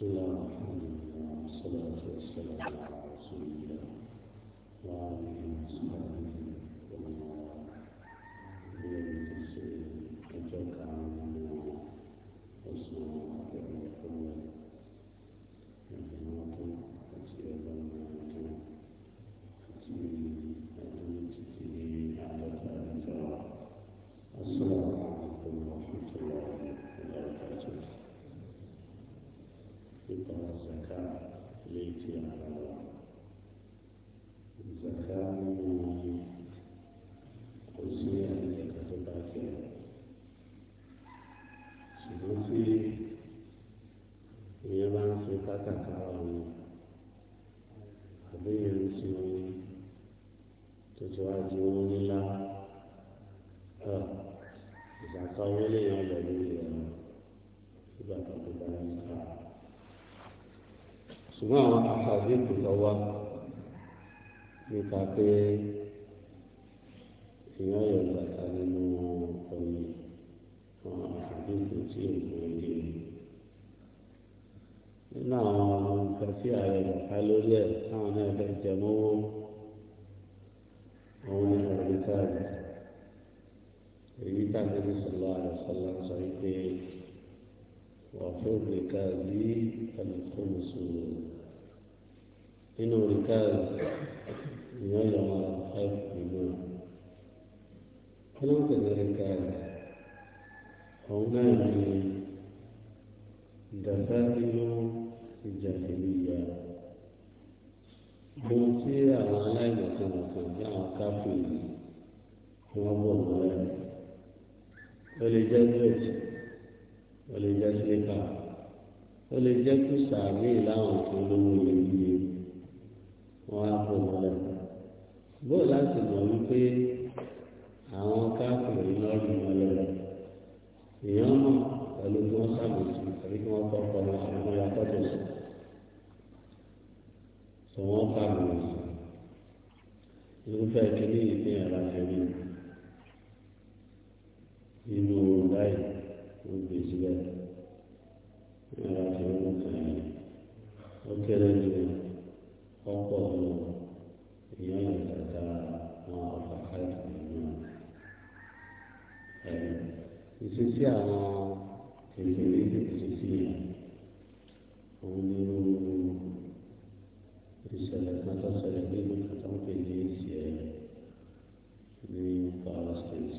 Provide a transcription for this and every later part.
بسم الله الرحمن الرحيم والصلاة والسلام على رسول الله وعلى آله وصحبه títọrọ zaka lè ti ara wa zaka nínú kò sí ẹni ẹ̀ka tó bá fẹ́ ṣùgbọ́n tí ìyẹn bá ń fi kátàkárà wọn àbí ìyẹn ti wọn tó ti wá di wọn ńlá ìzàkà owó lè yàn lọ ṣùgbọ́n àwọn àṣàbí kò lọ́wọ́ nípa pé èèyàn yọ bàtà nínú omi àwọn àṣàbí kò tí ì mú ilé mi. nínú àwọn nǹkan tí ààrẹ bàtà lórí ẹ̀ táwọn náà fẹ́ jẹ mọ́wọ́ àwọn ní ọ̀rẹ́ káàdì èyí tàbí sọ̀rọ̀ àrẹ̀sọ̀lá sọ pé. وفوق ركازي الخمس إنه ركاز يجمع خلف منه كلام كذا ركاز هنا دفاتر الجاهلية بوتي على علاقة كما كان كافي هو أبو ولجاء ó lè jẹ́ kí sàmì láwọn tó lówó lè yí wọn á kó wọlé bó láti mọ̀ wípé àwọn káàkiri náà lù wọlé èèyàn mọ̀ pẹ̀lú kí wọ́n ṣàbòsí àbí kí wọ́n kọ́kọ́ wọn àwọn yàtọ̀tọ̀ sí tó wọ́n kà wọ́n sí irúfẹ́ kíní ìpín ẹ̀rọ ẹ̀rí inú báyìí ó gbèsè bẹ́ẹ̀ ìlà tí ó mú kàn yín ó kéré ju ọ̀pọ̀ ju ìyẹn ìdàgbà àwọn ọ̀pàá ìlú náà ìṣesí àwọn kékeré ìṣesí yẹn òun ni ó ìṣẹ̀lẹ̀ kan tó ṣẹlẹ̀ nínú kàtà ń pè ní ìṣẹ̀ ní Kwara State.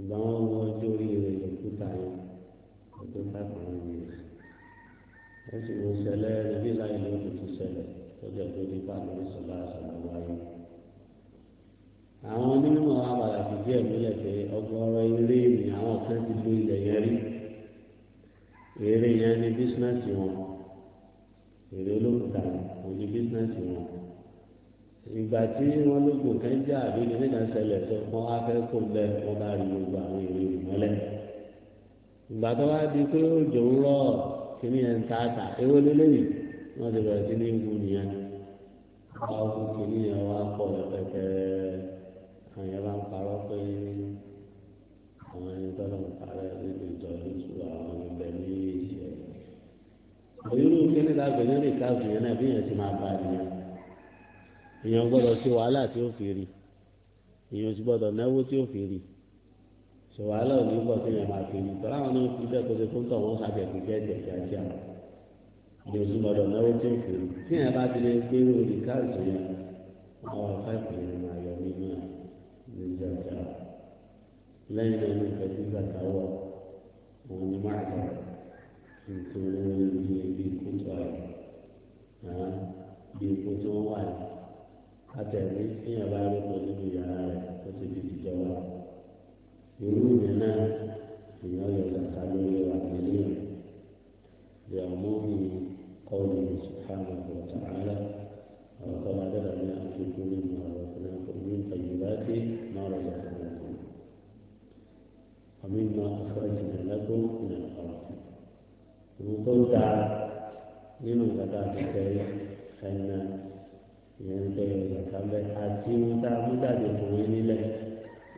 ìgbà wọn wọ ọjọ́ orí rẹ̀ lòkúta yẹn ọdún bákan ní rẹ̀ wọ́n sì wọ́n ṣẹlẹ̀ níbí láì ní oṣù tó ṣẹlẹ̀ lọ́jọ́ tó ní bá lórí sọ̀lá àṣàlọ́ wáyé. àwọn onímọ̀ àbàlà fi díẹ̀ múlẹ̀ pé ọgọ́rọ̀ eré ni àwọn kan ti lo ilẹ̀ yẹn rí eré yẹn ní bísínẹ́sì wọn èrè olókùúta wọn ní bísínẹ́sì wọn ìgbà tí wọ́n ló gbò kán jẹ́ àbí nílé náà ṣẹlẹ̀ tó wọ́n á fẹ́ kó bẹ wọ́n bá rí gbogbo àwọn èrè ìmọ́lẹ̀ ìgbà tó wá di pé òjò ń rọ̀ kíní ẹ̀ ń ta àtà ewé lélẹ́yìn wọ́n ti bẹ̀rẹ̀ sí ní wù nìyẹn wọ́n á kú kíní ẹ̀ wá pọ̀ pẹ̀pẹ̀ àwọn bá ń parọ́ pé àwọn ẹni tó lọ́n parẹ́ níbi ìjọ lóṣù àwọn ibẹ̀ ní ìṣẹ̀ òyìnbó kíní lágbẹ̀ẹ́ èèyàn gbọ́dọ̀ ṣe wàhálà tí ó fi rí èèyàn sì gbọ́dọ̀ náwó tí ó fi rí ṣe wàhálà ò ní bọ̀ sí ìyẹn máa fi rí tọ́lá àwọn náà fi bẹ́ẹ̀ tó ṣe fún tọ̀wọ́n ṣàjẹ̀kù jẹ́ jẹ̀jẹ̀ àti àwọn èèyàn sì gbọ́dọ̀ náwó tí ó fi rí tí ìyẹn bá ti lè gbé orí káàtì yẹn àwọn fáìpù yẹn máa yọ nínú ẹ̀ ní jàjà lẹ́yìn náà ní ìfẹ́ sí gbàtàwọ̀ òun ni máa gbà nítorí ibi ìkútọ̀ rẹ̀ bí ìkútọ̀ wà yìí. àtẹ̀lé fíyàn bá rí pẹ̀lú ìyàrá rẹ̀ ó ti di ìjọba. irú ìyẹn náà èèyàn yọ ìlàkà lórí àwọn ènìyàn bí àwọn òmìn kọ́ọ̀lù subhanahu wa ta'ala àwọn kọ́ọ̀lù adẹ́rẹ́ ní àfikún nínú àwọn ọ̀sán àkọ́kọ́ طيبات ما رزقناكم ومما أخرجنا لكم من الأرض وقلت من قطع الكريم أن ìyẹn ń bẹ ìyàtọ̀ bẹ àti ohun tá a mú jáde kò wé nílẹ̀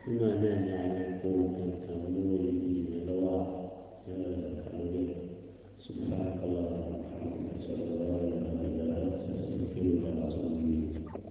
nínú ẹ̀ náà ni àwọn epo nǹkan olówó ibi ìyẹn lọ́wọ́ ìyẹn lọ́wọ́ ìyàtọ̀ lórí ṣùgbọ́n kọ́lọ́ ọ̀rọ̀ ìṣẹ̀lẹ̀ lọ́wọ́ ìyàtọ̀ lọ́wọ́ ìṣẹ̀lẹ̀ lọ́wọ́ ìṣẹ̀lẹ̀ lọ́wọ́